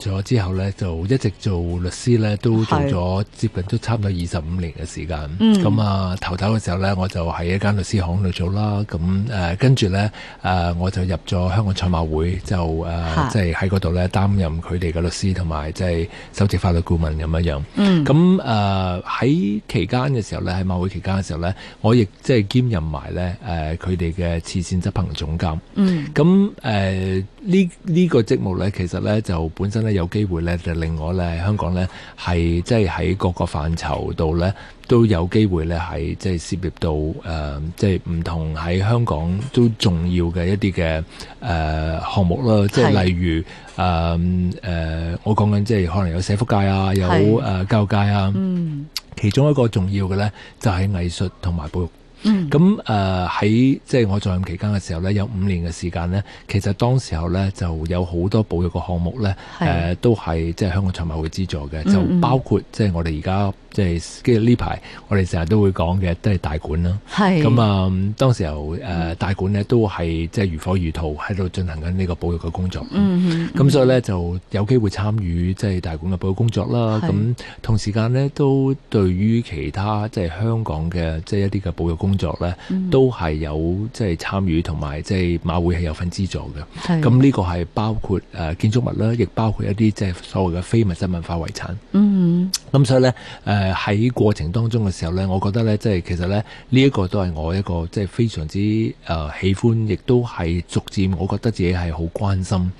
咗之後咧，就一直做律師咧，都做咗接近都差唔多二十五年嘅時間。咁、嗯、啊，頭頭嘅時候咧，我就喺一間律師行度做啦。咁誒跟住咧，誒、呃呃、我就入咗香港賽馬會，就誒即係喺嗰度咧擔任佢哋嘅律師同埋，即係首席法律顧問咁樣樣。嗯。咁誒喺期間嘅時候咧，喺馬會期間嘅時候咧，我亦即係兼任埋咧誒佢哋嘅慈善執行總監。嗯。咁誒、啊這個、呢呢個職務咧，其實咧就本身咧。有機會咧，就令我咧喺香港咧，係即係喺各個範疇度咧，都有機會咧，係即係涉及到、呃、即係唔同喺香港都重要嘅一啲嘅誒項目啦。即係例如誒、呃、我講緊即係可能有社福界啊，有誒、呃、教育界啊，嗯、其中一個重要嘅咧，就係、是、藝術同埋保育。嗯，咁誒，喺、呃、即係我在任期間嘅時候咧，有五年嘅時間咧，其實當時候咧就有好多保育嘅項目咧，誒、呃、都係即係香港賽馬會資助嘅、嗯，就包括、嗯、即係我哋而家即係跟住呢排我哋成日都會講嘅都係大館啦，咁啊、呃、當時候誒、呃、大館咧都係即係如火如荼喺度進行緊呢個保育嘅工作，咁、嗯嗯嗯、所以咧就有機會參與即係大館嘅保育工作啦。咁同時間咧都對於其他即係香港嘅即係一啲嘅保育工作工作呢都係有即係參與，同埋即係馬會係有份資助嘅。咁呢個係包括誒、呃、建築物啦，亦包括一啲即係所謂嘅非物質文化遺產。嗯,嗯，咁所以呢，誒、呃、喺過程當中嘅時候呢，我覺得呢，即係其實呢，呢、這、一個都係我一個即係非常之誒、呃、喜歡，亦都係逐漸我覺得自己係好關心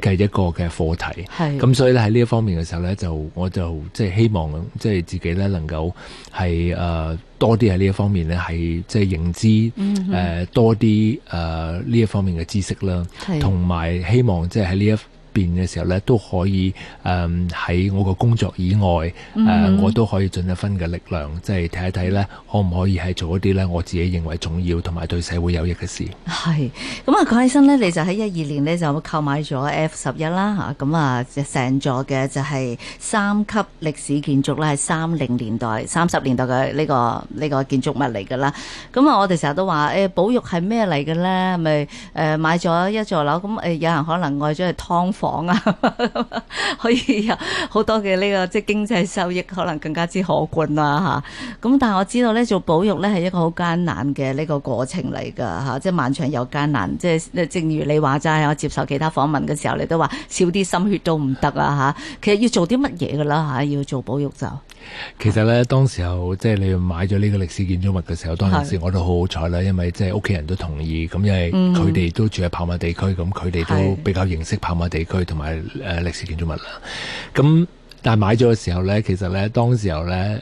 嘅一個嘅課題。係咁，所以呢，喺呢一方面嘅時候呢，就我就即係希望即係自己呢能夠係誒。多啲喺呢一方面咧，係即係認知誒、嗯呃、多啲誒呢一方面嘅知識啦，同埋希望即係喺呢一變嘅時候呢，都可以誒喺、嗯、我個工作以外誒、mm-hmm. 啊，我都可以盡一分嘅力量，即係睇一睇呢，可唔可以係做一啲呢？我自己認為重要同埋對社會有益嘅事。係咁啊，講起身呢，你就喺一二年呢，就購買咗 F 十一啦嚇，咁啊成座嘅就係三級歷史建築啦，係三零年代、三十年代嘅呢、呢個呢、呢個建築物嚟㗎啦。咁啊，我哋成日都話誒、哎、保育係咩嚟㗎呢？咪誒買咗一座樓，咁、啊、誒有人可能愛咗去劏。房啊， 可以有好多嘅呢、這個即係經濟收益，可能更加之可觀啦吓，咁、啊、但係我知道咧，做保育咧係一個好艱難嘅呢個過程嚟噶吓，即係漫長又艱難，即係正如你話齋我接受其他訪問嘅時候，你都話少啲心血都唔得啊吓，其實要做啲乜嘢噶啦吓，要做保育就其實咧，當時候即係你買咗呢個歷史建築物嘅時候，當陣時我都好好彩啦，因為即係屋企人都同意，咁因為佢哋都住喺跑馬地區，咁佢哋都比較認識跑馬地。佢同埋誒歷史建築物啦，咁但係買咗嘅時候咧，其實咧當時候咧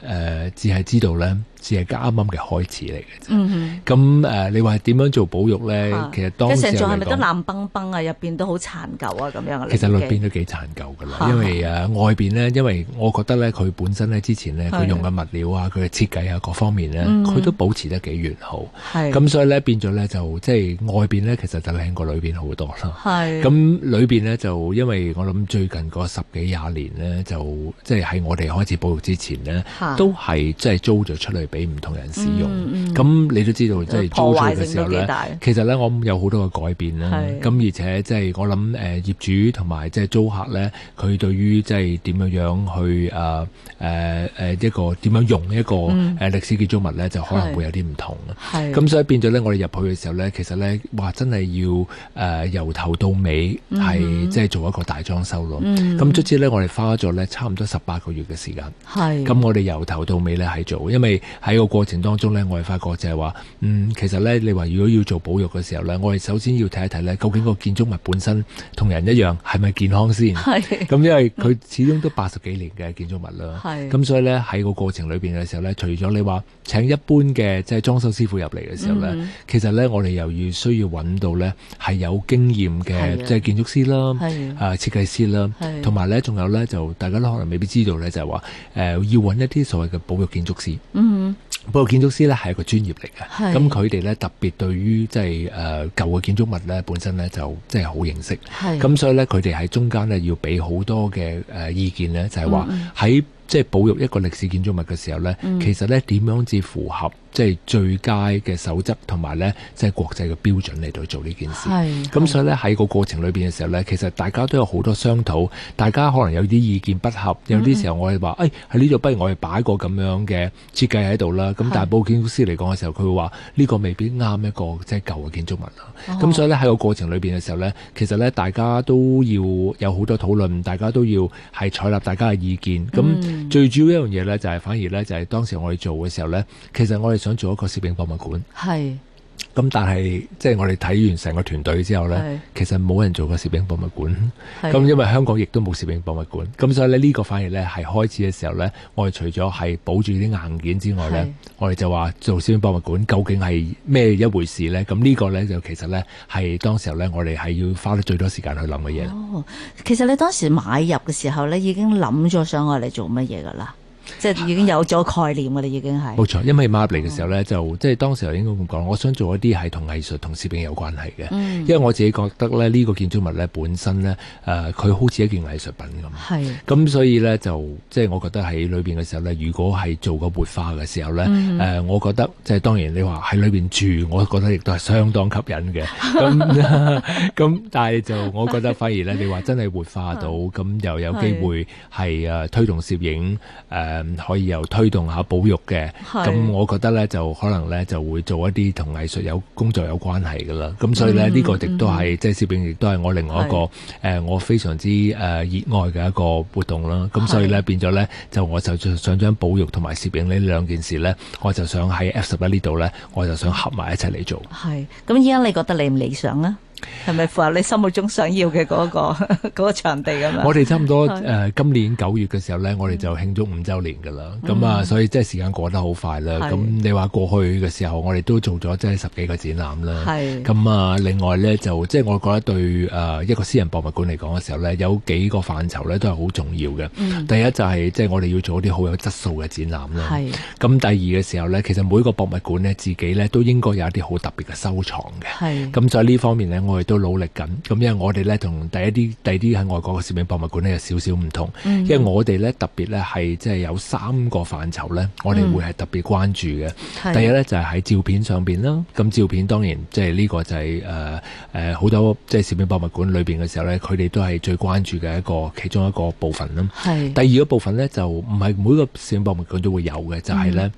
誒，只係知道咧。只係啱啱嘅開始嚟嘅啫。咁、嗯、誒，你話點樣做保育咧、啊？其實當時係講，成座係咪都爛崩崩啊，入邊都好殘舊啊，咁、啊、樣其實內邊都幾殘舊㗎啦，因為誒、啊啊、外邊咧，因為我覺得咧，佢本身咧之前咧，佢用嘅物料啊，佢嘅設計啊，各方面咧，佢、嗯、都保持得幾完好。咁所以咧變咗咧就即係外邊咧，其實就靚過裏邊好多啦。咁裏邊咧就因為我諗最近嗰十幾廿年咧，就即係喺我哋開始保育之前咧、啊，都係即係租咗出嚟俾唔同人使用，咁你都知道，即係租出嘅時候咧，其實咧我有好多嘅改變啦。咁而且即係我諗，誒、呃、業主同埋即係租客咧，佢對於即係點樣樣去誒誒誒一個點樣用一個誒歷史建築物咧、嗯，就可能會有啲唔同。咁所以變咗咧，我哋入去嘅時候咧，其實咧，哇，真係要誒、呃、由頭到尾係即係做一個大裝修咯。咁卒之咧，我哋花咗咧差唔多十八個月嘅時間。係咁我哋由頭到尾咧係做，因為喺個過程當中呢，我哋發覺就係話，嗯，其實呢，你話如果要做保育嘅時候呢，我哋首先要睇一睇呢，究竟個建築物本身同人一樣係咪健康先？咁因為佢始終都八十幾年嘅建築物啦。咁所以呢，喺個過程裏面嘅時候呢，除咗你話請一般嘅即係裝修師傅入嚟嘅時候呢、嗯，其實呢，我哋又要需要揾到呢係有經驗嘅即係建築師啦，設計、啊、設計師啦，同埋呢仲有呢，就大家都可能未必知道呢，就係、是、話、呃、要揾一啲所謂嘅保育建築師，嗯不過建築師咧係一個專業嚟嘅，咁佢哋咧特別對於即係誒舊嘅建築物咧本身咧就即係好認識，咁所以咧佢哋喺中間咧要俾好多嘅誒、呃、意見咧，就係話喺。嗯即係保育一個歷史建築物嘅時候呢，嗯、其實呢點樣至符合即係最佳嘅守則，同埋呢即係、就是、國際嘅標準嚟到做呢件事。咁所以呢，喺個過程裏面嘅時候呢，其實大家都有好多商討，大家可能有啲意見不合，有啲時候我哋話誒喺呢度，嗯哎、不如我哋擺個咁樣嘅設計喺度啦。咁但係保險公司嚟講嘅時候，佢會話呢、呢個未必啱一個即係舊嘅建築物啊。咁、哦、所以呢，喺個過程裏面嘅時候呢，其實呢，大家都要有好多討論，大家都要係採納大家嘅意見咁。嗯、最主要一樣嘢咧，就係反而咧，就係當時我哋做嘅時候咧，其實我哋想做一個攝影博物館。係。咁但係即係我哋睇完成個團隊之後呢，其實冇人做過攝影博物館。咁因為香港亦都冇攝影博物館。咁所以呢呢個反而呢係開始嘅時候呢，我哋除咗係保住啲硬件之外呢，我哋就話做攝影博物館究竟係咩一回事呢？咁呢個呢，就其實呢係當時候呢我哋係要花得最多時間去諗嘅嘢。哦，其實你當時買入嘅時候呢，已經諗咗想我哋做乜嘢噶啦？即係已經有咗概念嘅啦，已經係冇錯，因為買入嚟嘅時候咧、哦，就即係當時候應該咁講，我想做一啲係同藝術同攝影有關係嘅、嗯，因為我自己覺得咧，呢、這個建築物咧本身咧，誒、呃，佢好似一件藝術品咁，咁、嗯，所以咧就即係我覺得喺裏邊嘅時候咧，如果係做個活化嘅時候咧，誒、嗯呃，我覺得即係當然你話喺裏邊住，我覺得亦都係相當吸引嘅，咁 咁、嗯，但係就我覺得反而咧，你話真係活化到，咁 又有機會係推動攝影、呃可以又推動下保育嘅，咁我覺得呢，就可能呢，就會做一啲同藝術有工作有關係嘅啦。咁所以呢，呢、嗯嗯嗯呢個亦都係即係攝影，亦都係我另外一個誒、呃、我非常之誒熱愛嘅一個活動啦。咁所以呢，變咗呢，就我就想將保育同埋攝影呢兩件事呢，我就想喺 F11 呢度呢，我就想合埋一齊嚟做。係，咁依家你覺得你唔理想呢？係咪符合你心目中想要嘅嗰、嗰個嗰 個場地。咁我哋差唔多誒，今年九月嘅時候呢，我哋就慶祝五周年噶啦。咁、嗯、啊，所以即係時間過得好快啦。咁你話過去嘅時候，我哋都做咗即係十幾個展覽啦。咁啊，另外呢，就即係、就係、我覺得對誒、呃、一個私人博物館嚟講嘅時候呢，有幾個範疇呢都係好重要嘅、嗯。第一就係即係我哋要做一啲好有質素嘅展覽啦。咁，第二嘅時候呢，其實每個博物館呢，自己呢都應該有一啲好特別嘅收藏嘅。係咁，所以呢方面呢。我哋都努力緊，咁因為我哋咧同第一啲，第二啲喺外國嘅攝影博物館咧有少少唔同，因為我哋咧、嗯、特別咧係即係有三個範疇咧，我哋會係特別關注嘅、嗯。第一咧就係喺照片上邊啦，咁照片當然即係呢個就係誒誒好多即係攝影博物館裏邊嘅時候咧，佢哋都係最關注嘅一個其中一個部分啦。係第二個部分咧，就唔係每個攝影博物館都會有嘅，就係咧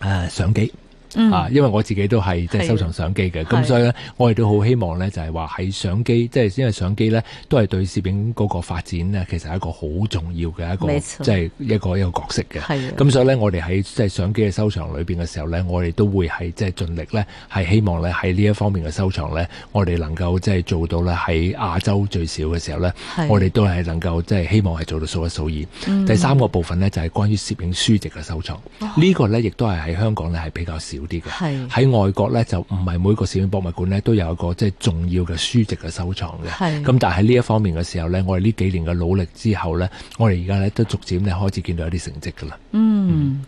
誒相機。嗯啊，因為我自己都係即係收藏相機嘅，咁所以呢我哋都好希望呢就係話喺相機，即係因為相機呢都係對攝影嗰個發展呢，其實係一個好重要嘅一個，即係一個一個角色嘅。咁所以呢，我哋喺即係相機嘅收藏裏面嘅時候呢，我哋都會係即係盡力呢，係希望呢喺呢一方面嘅收藏呢，我哋能夠即係做到呢喺亞洲最少嘅時候呢，我哋都係能夠即係希望係做到數一數二、嗯。第三個部分呢，就係關於攝影書籍嘅收藏，呢、哦呢個呢亦都係喺香港呢係比較少。啲喺外國呢，就唔係每個攝影博物館咧都有一個即係重要嘅書籍嘅收藏嘅，咁但係呢一方面嘅時候呢，我哋呢幾年嘅努力之後呢，我哋而家呢都逐漸咧開始見到一啲成績噶啦。嗯。嗯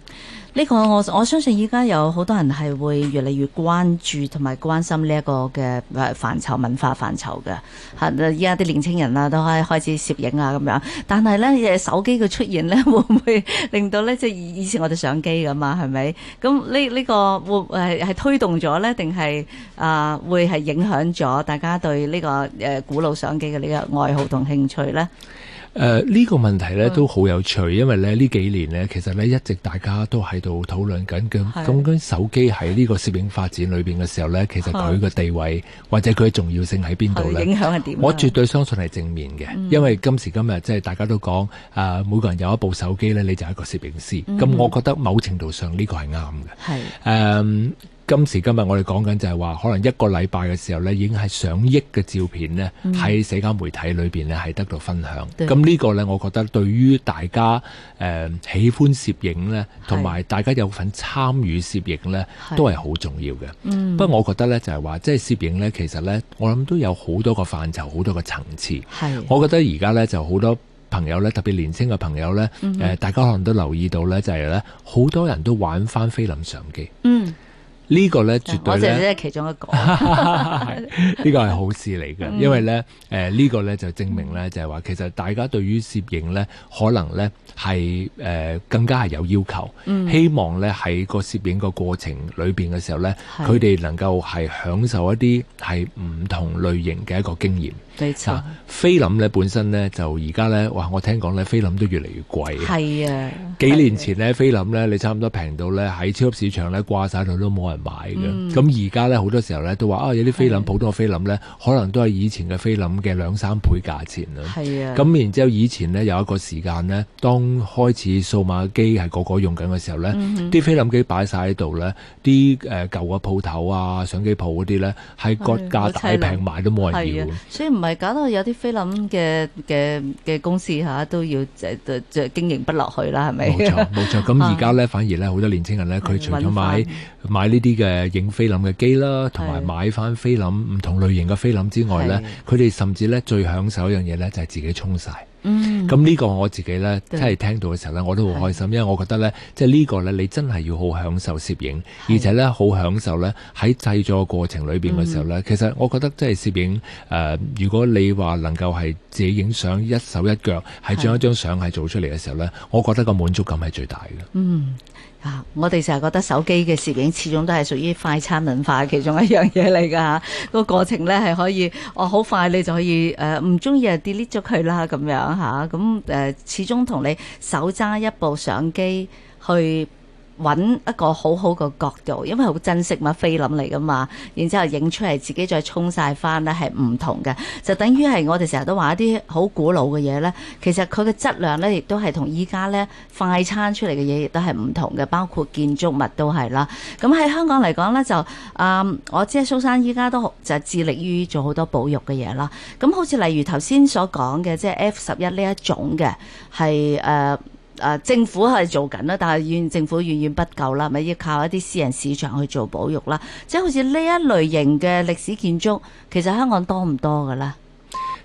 呢個我我相信依家有好多人係會越嚟越關注同埋關心呢一個嘅誒範疇，文化範疇嘅嚇，依家啲年輕人啊都可以開始攝影啊咁樣，但係咧誒手機嘅出現咧會唔會令到咧即係以前我哋相機咁嘛，係咪？咁呢呢個會係係推動咗咧，定係啊會係影響咗大家對呢個誒古老相機嘅呢個愛好同興趣咧？誒、呃、呢、呢個問題呢都好有趣、嗯，因為呢呢幾年呢其實呢一直大家都喺度討論緊咁咁手機喺呢個攝影發展裏面嘅時候呢其實佢個地位、嗯、或者佢嘅重要性喺邊度呢？影響係點？我絕對相信係正面嘅、嗯，因為今時今日即係大家都講、呃、每個人有一部手機呢你就係一個攝影師。咁、嗯、我覺得某程度上呢個係啱嘅。係、誒。今時今日我哋講緊就係話，可能一個禮拜嘅時候呢已經係上億嘅照片呢喺社交媒體裏面呢係得到分享。咁、mm-hmm. 呢個呢，我覺得對於大家誒、呃、喜歡攝影呢，同埋大家有份參與攝影呢，都係好重要嘅。Mm-hmm. 不過我覺得呢，就係話，即係攝影呢，其實呢，我諗都有好多個範疇，好多個層次。Mm-hmm. 我覺得而家呢，就好多朋友呢，特別年輕嘅朋友呢、呃，大家可能都留意到呢，就係、是、呢，好多人都玩翻菲林相機。嗯、mm-hmm.。呢、呢個呢，絕對係、啊、其中一個。呢 呢個係好事嚟嘅，因為咧，誒、呃、呢、呢個呢，就證明呢，嗯、就係、是、話其實大家對於攝影呢，可能呢係誒、呃、更加係有要求，嗯、希望呢喺個攝影個過程裏邊嘅時候呢，佢哋能夠係享受一啲係唔同類型嘅一個經驗。對啊，菲林咧本身咧就而家咧，哇！我聽講咧菲林都越嚟越貴。係啊，幾年前咧菲林咧，你差唔多平到咧喺超級市場咧掛晒度都冇人買嘅。咁而家咧好多時候咧都話啊，有啲菲林普通嘅菲林咧，可能都係以前嘅菲林嘅兩三倍價錢啦。係啊，咁然之後，後以前咧有一個時間咧，當開始數碼機係個個用緊嘅時候咧，啲、嗯、菲林機擺晒喺度咧，啲誒、呃、舊嘅鋪頭啊、相機鋪嗰啲咧，喺割價大平賣都冇人要。所以唔～唔係搞到有啲菲林嘅嘅嘅公司吓都要誒即誒經營不落去啦，係咪？冇錯冇錯，咁而家咧反而咧好多年青人咧，佢除咗買。買呢啲嘅影菲林嘅機啦，同埋買翻菲林唔同類型嘅菲林之外呢，佢哋甚至呢最享受一樣嘢呢，就係、是、自己沖晒。咁、嗯、呢個我自己呢，真係聽到嘅時候呢，我都好開心，因為我覺得呢，即係呢個呢，你真係要好享受攝影，而且呢，好享受呢喺製作過程裏面嘅時候呢、嗯。其實我覺得即係攝影誒、呃，如果你話能夠係自己影相一手一腳，係將一張相係做出嚟嘅時候呢，我覺得個滿足感係最大嘅。嗯。啊！我哋成日覺得手機嘅攝影始終都係屬於快餐文化其中一樣嘢嚟噶吓，個、啊、過程咧係可以，哦、啊、好快你就可以誒唔中意啊 delete 咗佢啦咁樣吓，咁誒、啊啊、始終同你手揸一部相機去。揾一個好好嘅角度，因為好珍惜嘛，菲林嚟噶嘛，然之後影出嚟，自己再沖晒翻咧，係唔同嘅。就等於係我哋成日都話一啲好古老嘅嘢咧，其實佢嘅質量咧，亦都係同依家咧快餐出嚟嘅嘢，亦都係唔同嘅。包括建築物都係啦。咁喺香港嚟講咧，就啊、嗯，我知係蘇生依家都就致力於做好多保育嘅嘢啦。咁好似例如頭先所講嘅，即係 F 十一呢一種嘅係誒。呃啊、政府係做緊啦，但係政府遠遠不夠啦，咪要靠一啲私人市場去做保育啦。即、係、好似呢一類型嘅歷史建築，其實香港多唔多㗎？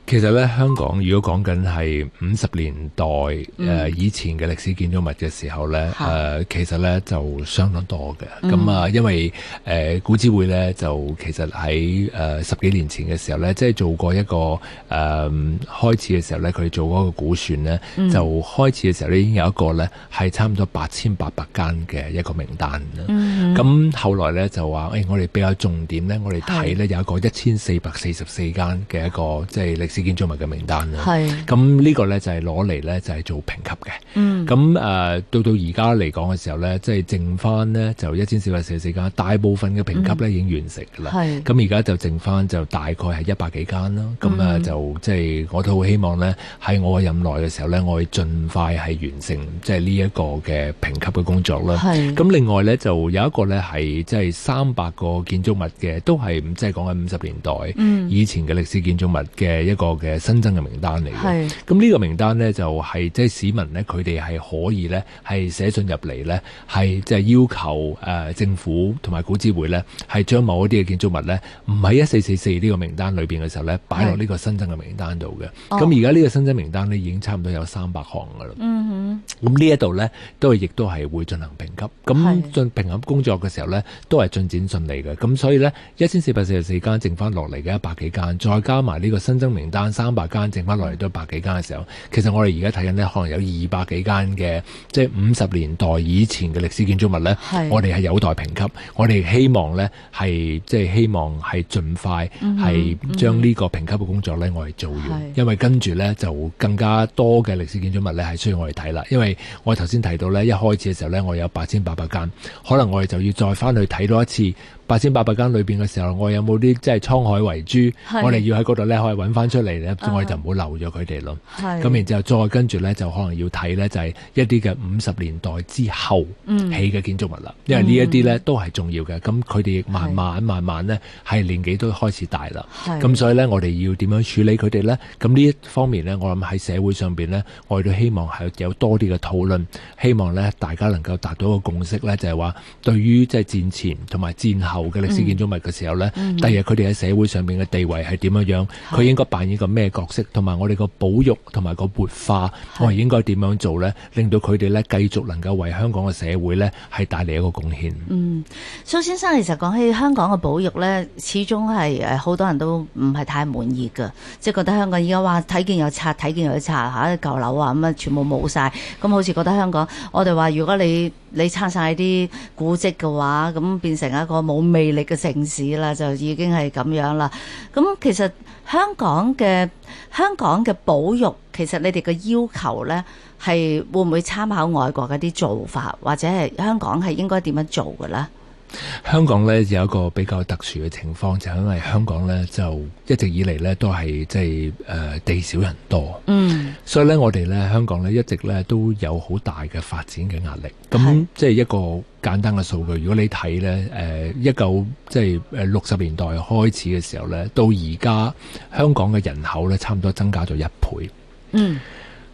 其實咧，香港如果講緊係五十年代誒、嗯呃、以前嘅歷史建築物嘅時候咧，誒、呃、其實咧就相當多嘅。咁、嗯、啊，因為誒、呃、古諮會咧就其實喺誒、呃、十幾年前嘅時候咧，即、就、係、是、做過一個誒、呃、開始嘅時候咧，佢做嗰個估算咧、嗯，就開始嘅時候咧已經有一個咧係差唔多八千八百間嘅一個名單啦。咁、嗯、後來咧就話誒、哎，我哋比較重點咧，我哋睇咧有一個一千四百四十四間嘅一個即係、就是、歷史。建築物嘅名單啦，咁呢個咧就係攞嚟咧就係、是、做評級嘅。咁、嗯、誒、啊、到到而家嚟講嘅時候咧，即係剩翻呢，就一千四百四十四間，大部分嘅評級咧、嗯、已經完成噶啦。咁而家就剩翻就大概係一百幾間啦。咁啊就即係、就是、我都好希望呢，喺我嘅任內嘅時候呢，我會盡快係完成即係呢一個嘅評級嘅工作啦。咁另外呢，就有一個呢，係即係三百個建築物嘅，都係即係講緊五十年代、嗯、以前嘅歷史建築物嘅一個。嘅新增嘅名單嚟嘅，咁呢、嗯這個名單呢就係、是、即係市民呢，佢哋係可以呢，係寫信入嚟呢，係即係要求誒、呃、政府同埋古諮會呢，係將某一啲嘅建築物呢，唔喺一四四四呢個名單裏邊嘅時候呢擺落呢個新增嘅名單度嘅。咁而家呢個新增名單呢已經差唔多有三百項噶啦。嗯哼，咁、嗯嗯、呢一度呢都係亦都係會進行評級，咁進行評級工作嘅時候呢都係進展順利嘅。咁所以呢一千四百四十四間剩翻落嚟嘅一百幾間再加埋呢個新增名單。三百間，剩翻落嚟都百幾間嘅時候，其實我哋而家睇緊呢，可能有二百幾間嘅，即係五十年代以前嘅歷史建築物呢，我哋係有待評級。我哋希望呢，係即係希望係盡快係將呢個評級嘅工作呢，我哋做完、嗯嗯，因為跟住呢，就更加多嘅歷史建築物呢，係需要我哋睇啦。因為我頭先提到呢，一開始嘅時候呢，我有八千八百間，可能我哋就要再翻去睇多一次。八千八百間裏邊嘅時候，我有冇啲即係滄海遺珠？我哋要喺嗰度呢，可以揾翻出嚟呢，我就唔好留咗佢哋咯。咁、啊、然之後再跟住呢，就可能要睇呢，就係、是、一啲嘅五十年代之後起嘅建築物啦、嗯。因為呢一啲呢，都係重要嘅。咁佢哋慢慢慢慢呢，係年紀都開始大啦。咁所以呢，我哋要點樣處理佢哋呢？咁呢一方面呢，我諗喺社會上邊呢，我哋都希望係有多啲嘅討論，希望呢，大家能夠達到一個共識呢，就係、是、話對於即係戰前同埋戰後。嘅歷史建築物嘅時候呢，第二佢哋喺社會上面嘅地位係點樣樣？佢應該扮演個咩角色？同埋我哋個保育同埋個活化，我哋應該點樣做呢？令到佢哋呢，繼續能夠為香港嘅社會呢係帶嚟一個貢獻。嗯，蘇先生其實講起香港嘅保育呢，始終係誒好多人都唔係太滿意㗎，即係覺得香港而家話，睇見又拆，睇見又拆吓舊樓啊，咁啊全部冇晒。咁、嗯、好似覺得香港，我哋話如果你你拆晒啲古蹟嘅話，咁變成一個冇魅力嘅城市啦，就已經係咁樣啦。咁其實香港嘅香港嘅保育，其實你哋嘅要求咧，係會唔會參考外國嗰啲做法，或者係香港係應該點樣做嘅咧？香港呢，有一個比較特殊嘅情況，就係因為香港呢，就一直以嚟呢，都係即係誒地少人多，嗯，所以呢，我哋呢，香港呢，一直呢，都有好大嘅發展嘅壓力。咁即係一個簡單嘅數據，如果你睇呢，誒一九即係六十年代開始嘅時候呢，到而家香港嘅人口呢，差唔多增加咗一倍，嗯。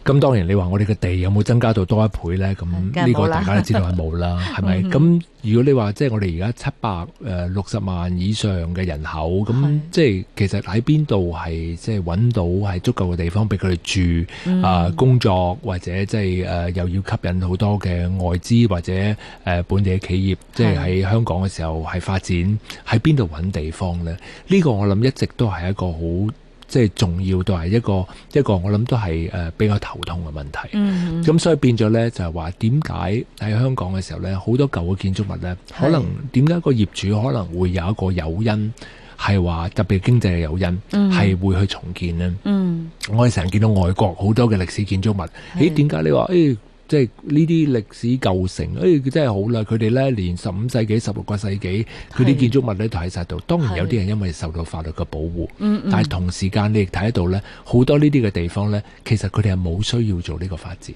咁當然，你話我哋嘅地有冇增加到多一倍呢？咁呢個大家都知道係冇啦，係 咪？咁如果你話即係我哋而家七百誒六十萬以上嘅人口，咁即係其實喺邊度係即係揾到係足夠嘅地方俾佢哋住啊、嗯呃、工作，或者即係誒、呃、又要吸引好多嘅外資或者誒本地嘅企業，即係喺香港嘅時候係發展，喺邊度揾地方呢？呢、呢個我諗一直都係一個好。即係重要都係一個一個，一個我諗都係誒比較頭痛嘅問題。咁、嗯、所以變咗呢，就係話點解喺香港嘅時候呢，好多舊嘅建築物呢，可能點解個業主可能會有一個誘因，係話特別經濟嘅誘因，係會去重建呢、嗯嗯。我哋成日見到外國好多嘅歷史建築物，咦、哎，點解你話誒？哎即係呢啲歷史舊城，誒、哎、真係好啦！佢哋呢連十五世紀、十六個世紀，佢啲建築物都喺晒度。當然有啲人因為受到法律嘅保護，但係同時間你亦睇得到呢，好多呢啲嘅地方呢，其實佢哋係冇需要做呢個發展。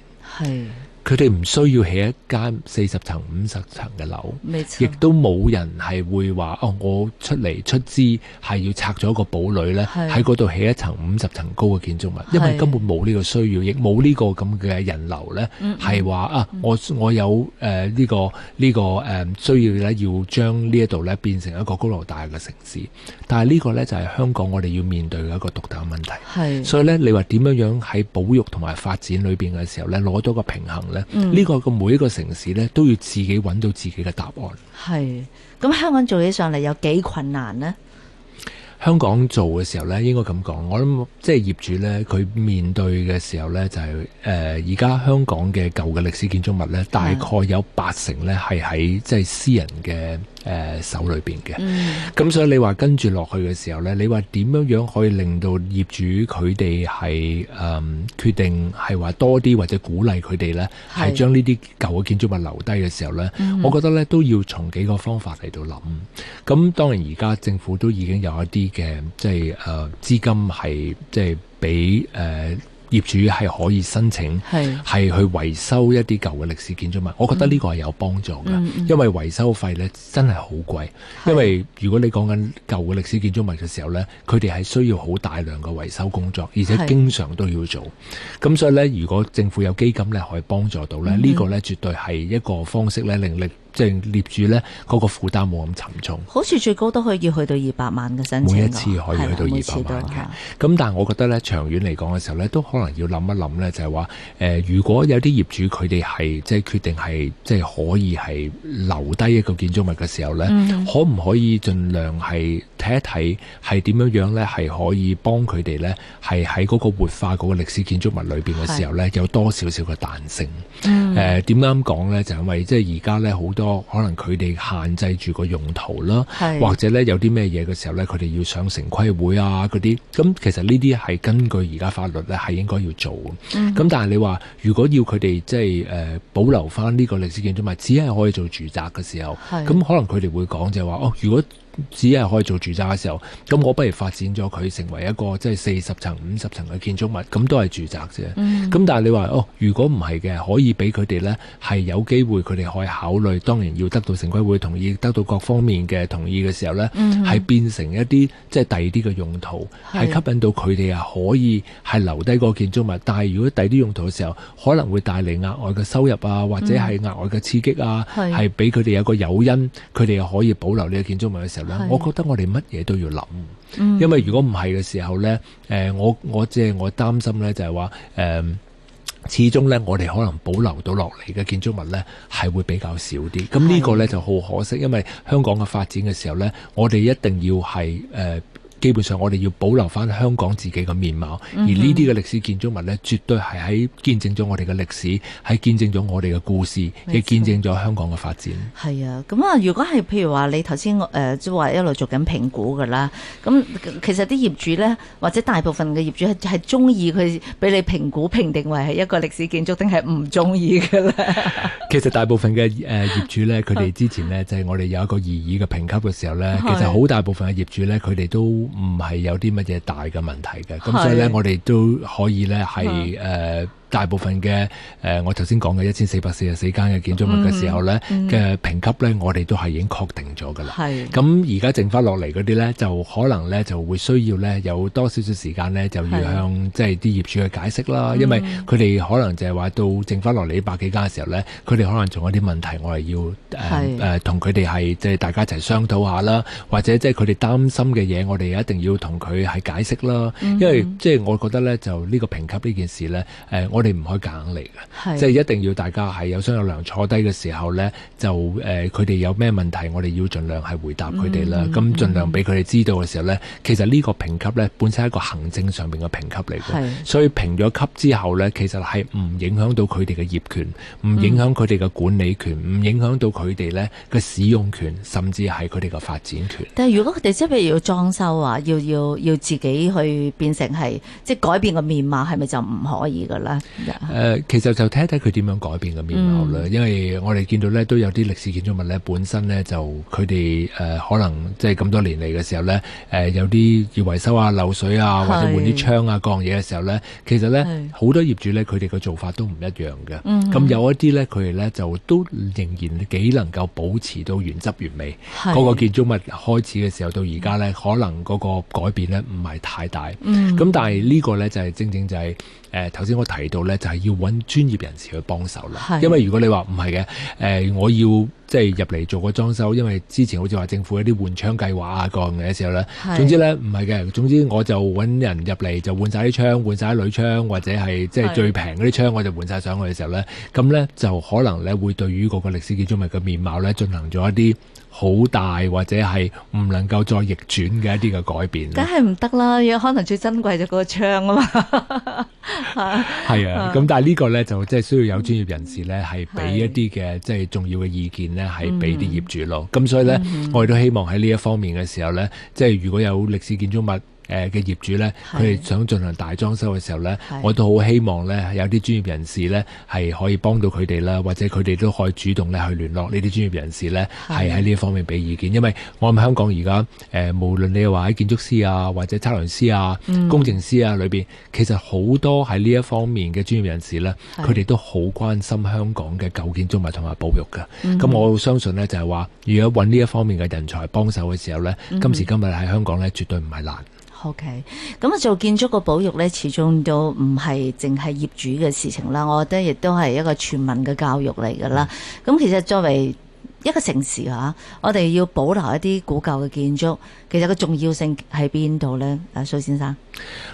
佢哋唔需要起一間四十層五十層嘅樓，亦都冇人係會話哦。我出嚟出資係要拆咗一個堡壘咧，喺嗰度起一層五十層高嘅建築物，因為根本冇呢個需要，亦冇呢個咁嘅人流咧，係、嗯、話、嗯、啊，我我有誒呢、呃呢個呢、呢個誒、呃、需要咧，要將呢一度咧變成一個高樓大廈嘅城市。但係呢個咧就係、是、香港我哋要面對嘅一個獨特問題，係，所以咧你話點樣樣喺保育同埋發展裏邊嘅時候咧攞到個平衡咧？呢、嗯、個、這個每一個城市呢都要自己揾到自己嘅答案。係，咁香港做起上嚟有幾困難呢？香港做嘅時候呢，應該咁講，我諗即係業主呢，佢面對嘅時候呢，就係、是、誒、而、呃、家香港嘅舊嘅歷史建築物呢，大概有八成呢係喺即係私人嘅。誒、呃、手裏面嘅。咁、嗯、所以你話跟住落去嘅時候呢，你話點樣樣可以令到業主佢哋係誒決定係話多啲或者鼓勵佢哋呢係將呢啲舊嘅建築物留低嘅時候呢、嗯，我覺得呢都要從幾個方法嚟到諗。咁當然而家政府都已經有一啲嘅，即係誒資金係即係俾誒，就是業主係可以申請係，去維修一啲舊嘅歷史建築物。我覺得呢個係有幫助嘅、嗯嗯嗯，因為維修費咧真係好貴。因為如果你講緊舊嘅歷史建築物嘅時候呢，佢哋係需要好大量嘅維修工作，而且經常都要做。咁所以呢，如果政府有基金咧，可以幫助到咧，呢、嗯呢個呢絕對係一個方式咧，令你。即係業主咧，嗰個負擔冇咁沉重。好似最高都可以要去到二百萬嘅申請額。每一次可以去到二百萬咁。但係我覺得咧，長遠嚟講嘅時候咧，都可能要諗一諗咧，就係話誒如果有啲業主佢哋係即係決定係即係可以係留低一個建築物嘅時候咧、嗯，可唔可以盡量係睇一睇係點樣樣咧，係可以幫佢哋咧，係喺嗰個活化嗰個歷史建築物裏邊嘅時候咧，有多少少嘅彈性？誒點啱講咧，就因為即係而家咧好多。可能佢哋限制住個用途啦，或者咧有啲咩嘢嘅時候咧，佢哋要上城規會啊嗰啲，咁其實呢啲係根據而家法律咧係應該要做嘅。咁、嗯、但係你話如果要佢哋即係誒保留翻呢個歷史建築物，只係可以做住宅嘅時候，咁可能佢哋會講就係話哦，如果。只係可以做住宅嘅時候，咁我不如發展咗佢成為一個即係四十層、五十層嘅建築物，咁都係住宅啫。咁、嗯、但係你話哦，如果唔係嘅，可以俾佢哋呢？係有機會，佢哋可以考慮。當然要得到城規會同意，得到各方面嘅同意嘅時候呢，係、嗯、變成一啲即係第二啲嘅用途，係吸引到佢哋啊，可以係留低個建築物。但係如果第二啲用途嘅時候，可能會帶嚟額外嘅收入啊，或者係額外嘅刺激啊，係俾佢哋有個誘因，佢哋又可以保留呢個建築物嘅時候。我覺得我哋乜嘢都要諗，因為如果唔係嘅時候、呃呃、呢，誒，我我即係我擔心呢就係話，誒，始終呢我哋可能保留到落嚟嘅建築物呢係會比較少啲，咁呢個呢就好可惜，因為香港嘅發展嘅時候呢，我哋一定要係誒。呃基本上我哋要保留翻香港自己嘅面貌，而呢啲嘅歷史建築物呢絕對係喺見證咗我哋嘅歷史，喺見證咗我哋嘅故事，亦見證咗香港嘅發展。係、嗯、啊，咁 啊，如果係譬如話你頭先誒即係話一路做緊評估㗎啦，咁其實啲業主呢，或者大部分嘅業主係係中意佢俾你評估評定為係一個歷史建築，定係唔中意嘅咧？ 其實大部分嘅誒業主呢，佢哋之前呢，就係、是、我哋有一個異議嘅評級嘅時候呢，其實好大部分嘅業主呢，佢哋都。唔係有啲乜嘢大嘅問題嘅，咁所以咧，我哋都可以咧，係誒。呃大部分嘅誒、呃，我頭先講嘅一千四百四十四間嘅建築物嘅時候咧嘅評級咧，我哋都係已經確定咗㗎啦。咁而家剩翻落嚟嗰啲咧，就可能咧就會需要咧有多少少時間咧，就要向即係啲業主去解釋啦、嗯。因為佢哋可能就係話到剩翻落嚟一百幾間嘅時候咧，佢哋可能仲有啲問題，我哋要誒同佢哋係即係大家一齊商討下啦，或者即係佢哋擔心嘅嘢，我哋一定要同佢係解釋啦。因為即係我覺得咧，就呢個評級呢件事咧，誒、呃。我哋唔可以硬嚟嘅，即係一定要大家係有商有量坐低嘅時候呢，就誒佢哋有咩問題，我哋要盡量係回答佢哋啦。咁、嗯嗯、盡量俾佢哋知道嘅時候呢，嗯、其實呢個評級呢，本身係一個行政上面嘅評級嚟嘅。所以評咗級之後呢，其實係唔影響到佢哋嘅業權，唔影響佢哋嘅管理權，唔、嗯、影響到佢哋呢嘅使用權，甚至係佢哋嘅發展權。但係如果佢哋即係譬如要裝修啊，要要要自己去變成係即係改變個面貌，係咪就唔可以㗎咧？誒、yeah。呃，其實就睇一睇佢點樣改變嘅面貌啦、嗯。因為我哋見到咧，都有啲歷史建築物咧，本身咧就佢哋誒，可能即係咁多年嚟嘅時候咧，誒、呃、有啲要維修啊、漏水啊，或者換啲窗啊、各樣嘢嘅時候咧，其實咧好多業主咧，佢哋嘅做法都唔一樣嘅。咁、嗯、有一啲咧，佢哋咧就都仍然幾能夠保持到原汁原味。嗰、那個建築物開始嘅時候到而家咧，可能嗰個改變咧唔係太大。咁、嗯、但係呢個咧就係、是、正正就係、是。誒頭先我提到呢，就係、是、要揾專業人士去幫手啦。因為如果你話唔係嘅，誒、呃、我要即係入嚟做個裝修，因為之前好似話政府一啲換窗計劃啊，各樣嘅時候呢，總之呢，唔係嘅，總之我就揾人入嚟就換晒啲窗，換晒啲鋁窗，或者係即係最平嗰啲窗，我就換晒上去嘅時候呢。咁呢，就可能你會對於嗰個歷史建築物嘅面貌呢，進行咗一啲。好大或者係唔能夠再逆轉嘅一啲嘅改變，梗係唔得啦！有可能最珍貴的就嗰個窗啊嘛，係 啊，咁、啊、但係呢個咧就即係需要有專業人士咧係俾一啲嘅即係重要嘅意見咧係俾啲業主咯。咁、嗯、所以咧、嗯，我哋都希望喺呢一方面嘅時候咧，即、就、係、是、如果有歷史建築物。誒、呃、嘅業主呢，佢哋想進行大裝修嘅時候呢，我都好希望呢，有啲專業人士呢，係可以幫到佢哋啦，或者佢哋都可以主動呢去聯絡呢啲專業人士呢，係喺呢一方面俾意見。因為我諗香港而家誒，無論你話喺建築師啊，或者測量師啊、嗯、工程師啊裏面，其實好多喺呢一方面嘅專業人士呢，佢哋都好關心香港嘅舊建築物同埋保育㗎。咁、嗯、我相信呢就，就係話如果揾呢一方面嘅人才幫手嘅時候呢、嗯，今時今日喺香港呢，絕對唔係難。OK，咁啊做建築個保育咧，始終都唔係淨係業主嘅事情啦。我覺得亦都係一個全民嘅教育嚟噶啦。咁其實作為一個城市吓，我哋要保留一啲古舊嘅建築。其實個重要性喺邊度呢？阿、啊、蘇先生，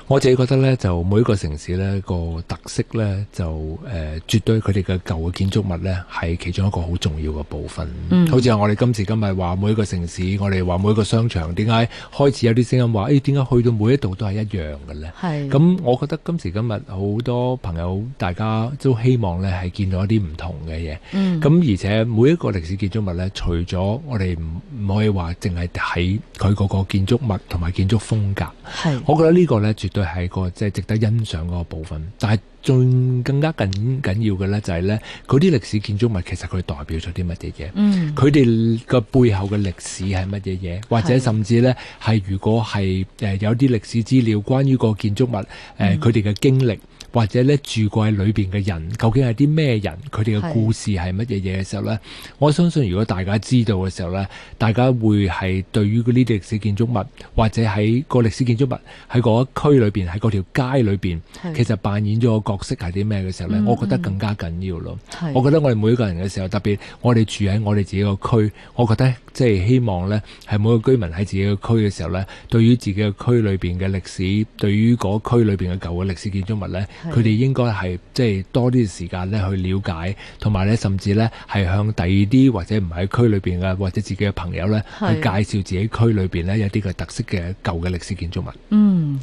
我自己覺得呢，就每一個城市呢個特色呢，就誒、呃、絕對佢哋嘅舊嘅建築物呢係其中一個好重要嘅部分。嗯，好似我哋今時今日話每一個城市，我哋話每一個商場，點解開始有啲聲音話，「誒點解去到每一度都係一樣嘅呢？」咁我覺得今時今日好多朋友大家都希望呢係見到一啲唔同嘅嘢。嗯。咁而且每一個歷史建築物呢，除咗我哋唔唔可以話淨係喺佢個個建築物同埋建築風格，係，我覺得呢個咧絕對係個即係值得欣賞嗰個部分。但係最更加緊緊要嘅呢，就是，就係呢嗰啲歷史建築物其實佢代表咗啲乜嘢嘢？嗯，佢哋個背後嘅歷史係乜嘢嘢？或者甚至呢，係如果係誒有啲歷史資料關於個建築物誒佢哋嘅經歷。或者咧住過喺裏邊嘅人，究竟係啲咩人？佢哋嘅故事係乜嘢嘢嘅時候呢？我相信如果大家知道嘅時候呢，大家會係對於呢啲歷史建築物，或者喺個歷史建築物喺嗰區裏邊喺嗰條街裏邊其實扮演咗個角色係啲咩嘅時候呢、嗯，我覺得更加緊要咯。我覺得我哋每一個人嘅時候，特別我哋住喺我哋自己個區，我覺得即係、就是、希望呢，係每個居民喺自己個區嘅時候呢，對於自己嘅區裏邊嘅歷史，對於嗰區裏邊嘅舊嘅歷史建築物呢。佢哋應該係即係多啲時間咧去了解，同埋咧甚至咧係向第二啲或者唔喺區裏面嘅或者自己嘅朋友咧去介紹自己區裏面咧有啲嘅特色嘅舊嘅歷史建築物。嗯。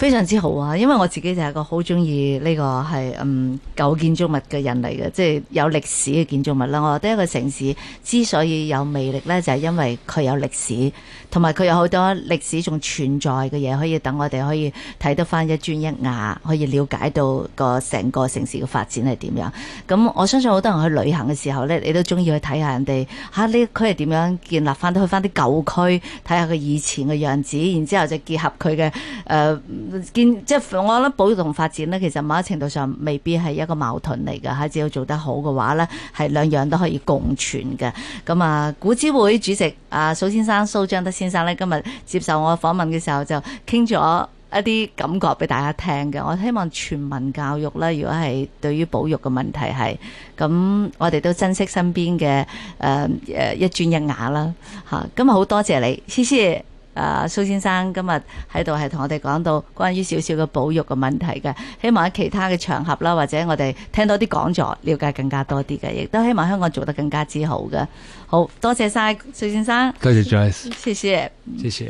非常之好啊！因為我自己就係一個好中意呢個係嗯舊建築物嘅人嚟嘅，即係有歷史嘅建築物啦。我覺得一個城市之所以有魅力呢，就係因為佢有歷史，同埋佢有好多歷史仲存在嘅嘢，可以等我哋可以睇得翻一磚一瓦，可以了解到個成個城市嘅發展係點樣。咁我相信好多人去旅行嘅時候呢，你都中意去睇下人哋吓，呢區係點樣建立翻？都去翻啲舊區睇下佢以前嘅樣子，然之後就結合佢嘅誒。呃見即，我覺得保育同發展咧，其實某一程度上未必係一個矛盾嚟噶吓，只要做得好嘅話呢係兩樣都可以共存嘅。咁啊，古諮會主席啊蘇先生蘇彰德先生呢，今日接受我訪問嘅時候就傾咗一啲感覺俾大家聽嘅。我希望全民教育咧，如果係對於保育嘅問題係咁，我哋都珍惜身邊嘅誒誒一磚一瓦啦吓。今日好多謝你，謝謝。啊，蘇先生今日喺度係同我哋講到關於少少嘅保育嘅問題嘅，希望喺其他嘅場合啦，或者我哋聽多啲講座，了解更加多啲嘅，亦都希望香港做得更加之好嘅。好多謝晒蘇先生，多謝 Joyce，謝謝，謝謝。